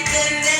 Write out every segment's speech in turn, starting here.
Make the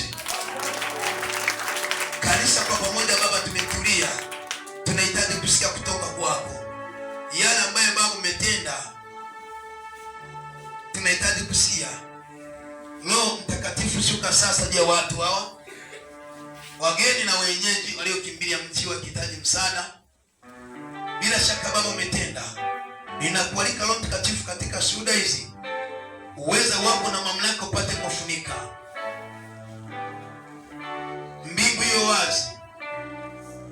tunahitaji kusia. Roho Mtakatifu shuka sasa juu ya watu hawa wageni na wenyeji waliokimbilia mji wakihitaji msaada. Bila shaka Baba umetenda. Ninakualika Roho Mtakatifu katika shuhuda hizi, uweza wako na mamlaka upate kufunika mbingu hiyo wazi,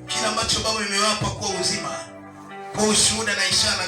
kila ambacho Baba imewapa kuwa uzima, kwa ushuhuda na ishara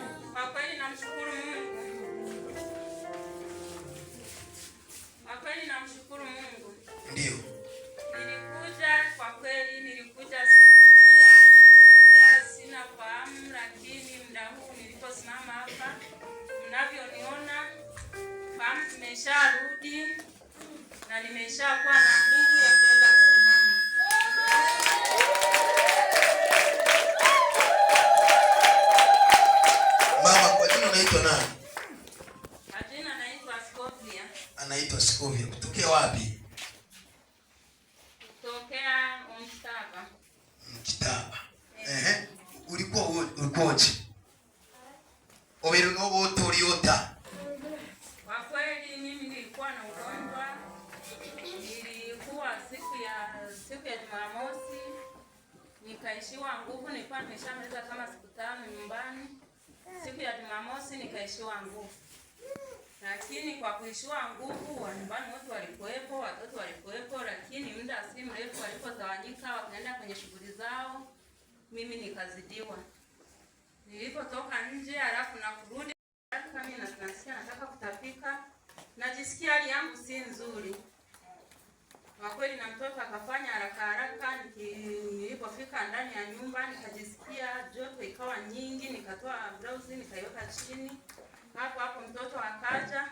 nimesharudi na nimeshakuwa na nguvu ya kuweza kusimama. Mama, kwa jina unaitwa nani? Kwa jina naitwa Scovia. Anaitwa Scovia. Kutokea wapi? Kutokea Mkitaba. Mkitaba. Ehe. Ulikuwa ulikuwa wapi? Oberuno boto liota nilikuwa na ugonjwa, ilikuwa siku ya siku ya Jumamosi nikaishiwa nguvu. Nilikuwa nimeshamaliza kama siku tano nyumbani. Siku ya Jumamosi nikaishiwa nguvu, lakini kwa kuishiwa nguvu wa nyumbani wote walikuwepo, watoto walikuwepo, lakini muda si mrefu walipotawanyika wakaenda kwenye shughuli zao, mimi nikazidiwa nilipotoka nje, halafu na kurudi Kwa kweli na mtoto akafanya haraka haraka. Nilipofika ndani ya nyumba nikajisikia joto ikawa nyingi, nikatoa blouse nikaiweka chini. Hapo hapo mtoto akaja.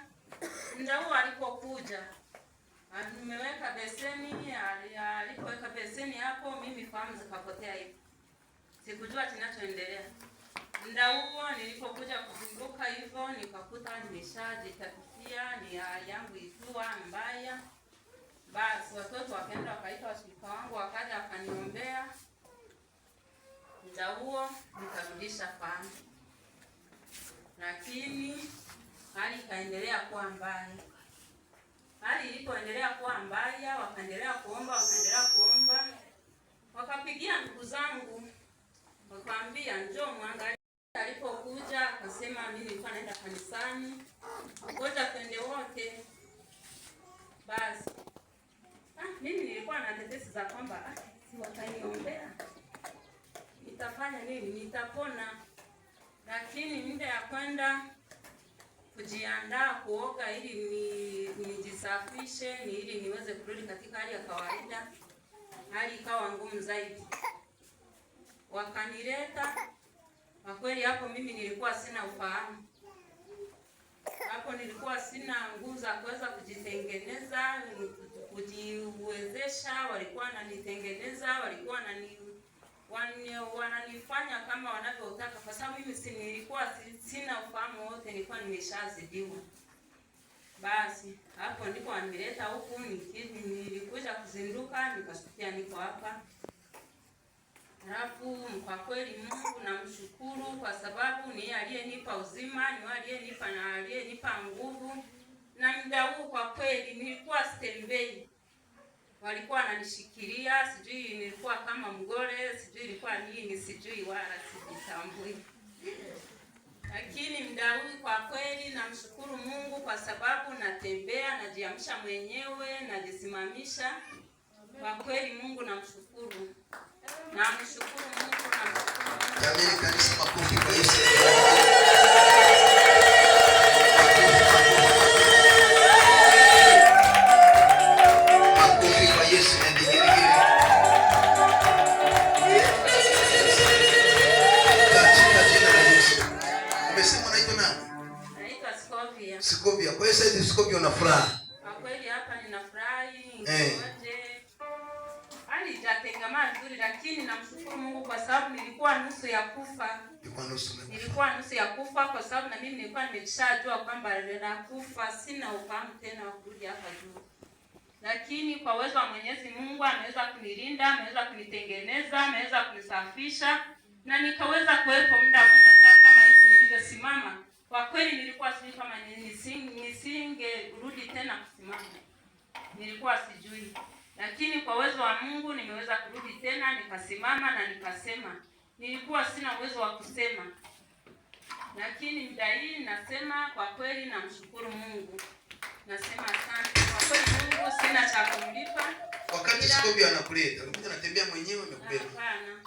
Muda huo alipokuja nimeweka beseni, alipoweka beseni hapo mimi fahamu zikapotea hivi. Sikujua kinachoendelea. Muda huo nilipokuja kuzunguka hivyo nikakuta nimeshajitafisia ni yangu ikiwa mbaya. Basi watoto wakaenda wakaita washirika wangu, wakaja wakaniombea muda huo, nikarudisha fahamu, lakini hali ikaendelea kuwa mbaya. Hali ilipoendelea kuwa mbaya, wakaendelea kuomba, wakaendelea kuomba, wakapigia ndugu zangu, wakaambia njoo mwangalie. Alipokuja akasema mimi nilikuwa naenda kanisani, ngoja twende wote basi mimi nilikuwa na tetesi za kwamba ah, si wataniombea nitafanya nini, nitapona. Lakini muda ya kwenda kujiandaa kuoga ili ni, nijisafishe ni ili niweze kurudi katika hali ya kawaida, hali ikawa ngumu zaidi, wakanileta kwa kweli. Hapo mimi nilikuwa sina ufahamu, hapo nilikuwa sina nguvu za kuweza kujitengeneza kujiwezesha, walikuwa wananitengeneza, walikuwa wanani wananifanya kama wanavyotaka, kwa sababu mimi si nilikuwa sina ufahamu wote, nilikuwa nimeshazidiwa. Basi hapo ndipo wanileta huku, nilikuja kuzinduka, nikasikia niko hapa. Halafu kwa kweli Mungu namshukuru kwa sababu ni aliyenipa uzima, ni aliyenipa na aliyenipa nguvu na muda huu kwa kweli nilikuwa sitembei, walikuwa wananishikilia, sijui nilikuwa kama mgore, sijui ilikuwa nini, sijui wala sijitambui. Lakini muda huu kwa kweli namshukuru Mungu kwa sababu natembea, najiamsha mwenyewe, najisimamisha. Kwa kweli Mungu namshukuru, namshukuru Mungu, namshukuru Mungu. Sikovia. Sikovia. Kwa hiyo sasa hivi Sikovia una furaha. Kwa kweli hapa ninafurahi. Eh. Hali yaani itatengamaa vizuri lakini namshukuru Mungu kwa sababu nilikuwa nusu ya kufa. Nilikuwa nusu. Nilikuwa nusu ya kufa kwa sababu na mimi nilikuwa nimeshajua kwamba nakufa, sina ufahamu tena wa kurudi hapa juu. Lakini kwa uwezo wa Mwenyezi Mungu ameweza kunilinda, ameweza kunitengeneza, ameweza kunisafisha na nikaweza kuwepo muda kama hivi nilivyosimama. Kwa kweli nilikuwa sijui kama nisingerudi tena kusimama, nilikuwa sijui, lakini kwa uwezo wa Mungu nimeweza kurudi tena nikasimama na nikasema. Nilikuwa sina uwezo wa kusema, lakini muda hii nasema kwa kweli, namshukuru Mungu, nasema asante kwa kweli Mungu, sina cha kumlipa. Wakati Scobie anakuleta, alikuja anatembea mwenyewe, amekubeba hapana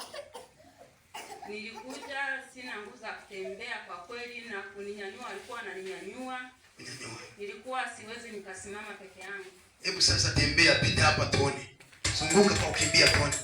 Nilikuja sina nguvu za kutembea kwa kweli, na kuninyanyua alikuwa ananinyanyua, nilikuwa siwezi nikasimama peke yangu. Hebu sasa tembea, pita hapa tuone, zunguka kwa kukimbia tuone.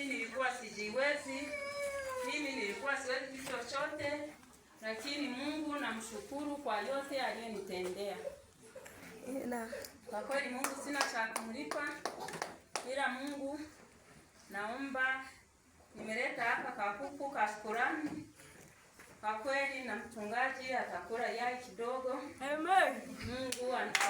mimi nilikuwa sijiwezi, mimi nilikuwa siwezi kitu chochote, lakini Mungu namshukuru kwa yote aliyonitendea. Kwa kweli Mungu sina cha kumlipa, ila Mungu naomba nimeleta hapa kakuku ka shukurani. Kwa kweli na mchungaji atakula yai kidogo. Amen. Mungu ana